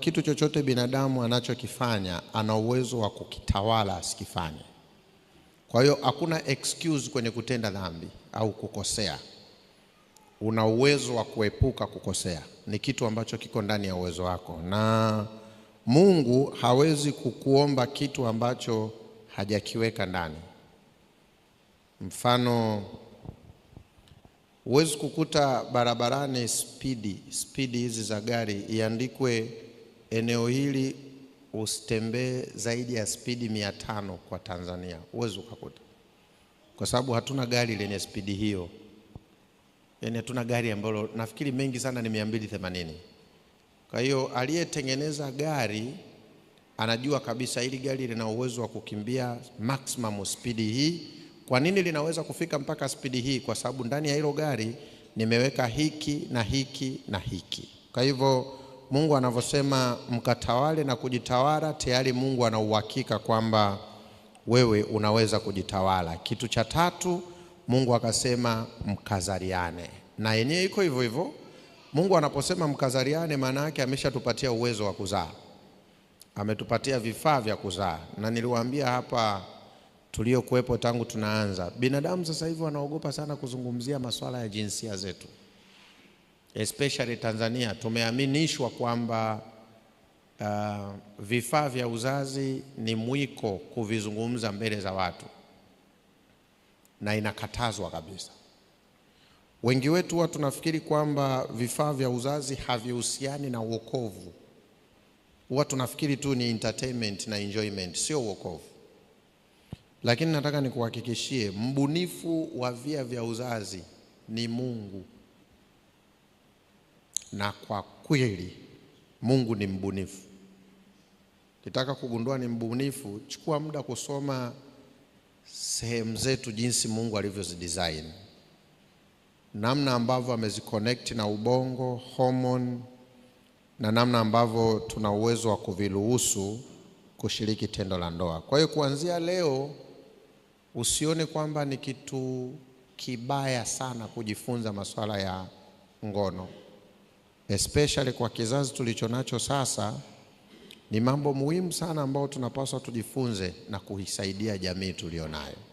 Kitu chochote binadamu anachokifanya ana uwezo wa kukitawala asikifanye. Kwa hiyo hakuna excuse kwenye kutenda dhambi au kukosea. Una uwezo wa kuepuka kukosea, ni kitu ambacho kiko ndani ya uwezo wako, na Mungu hawezi kukuomba kitu ambacho hajakiweka ndani. Mfano, huwezi kukuta barabarani spidi spidi hizi za gari iandikwe eneo hili usitembee zaidi ya spidi mia tano kwa Tanzania, uwezi ukakuta, kwa sababu hatuna gari lenye spidi hiyo. Yani hatuna gari ambalo nafikiri mengi sana ni mia mbili themanini. Kwa hiyo aliyetengeneza gari anajua kabisa hili gari lina uwezo wa kukimbia maximum spidi hii. Kwa nini linaweza kufika mpaka spidi hii? Kwa sababu ndani ya hilo gari nimeweka hiki na hiki na hiki. Kwa hivyo Mungu anavyosema mkatawale na kujitawala, tayari Mungu ana uhakika kwamba wewe unaweza kujitawala. Kitu cha tatu Mungu akasema mkazaliane, na yenyewe iko hivyo hivyo. Mungu anaposema mkazaliane, maana yake ameshatupatia uwezo wa kuzaa, ametupatia vifaa vya kuzaa, na niliwaambia hapa tuliokuwepo tangu tunaanza, binadamu sasa hivi wanaogopa sana kuzungumzia masuala ya jinsia zetu especially Tanzania tumeaminishwa kwamba uh, vifaa vya uzazi ni mwiko kuvizungumza mbele za watu na inakatazwa kabisa. Wengi wetu huwa tunafikiri kwamba vifaa vya uzazi havihusiani na uokovu. Huwa tunafikiri tu ni entertainment na enjoyment, sio uokovu. Lakini nataka nikuhakikishie, mbunifu wa via vya uzazi ni Mungu na kwa kweli Mungu ni mbunifu. Kitaka kugundua ni mbunifu, chukua muda kusoma sehemu zetu, jinsi Mungu alivyozidesign, namna ambavyo ameziconnect na ubongo, hormone, na namna ambavyo tuna uwezo wa kuviruhusu kushiriki tendo la ndoa. Kwa hiyo kuanzia leo usione kwamba ni kitu kibaya sana kujifunza masuala ya ngono especially kwa kizazi tulicho nacho sasa, ni mambo muhimu sana ambayo tunapaswa tujifunze na kuisaidia jamii tuliyonayo.